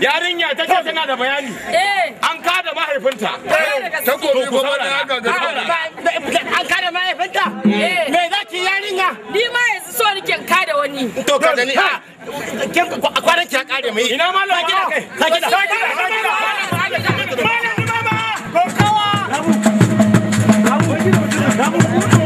yarinya ta ce tana da bayani an kada mahaifinta ta gobe goma da an kada mahaifinta me za ki yarinya ni ma yanzu so nake kada wani to ka gani a kwanan ki kare mai ina ma lo ka kai ka gida ka gida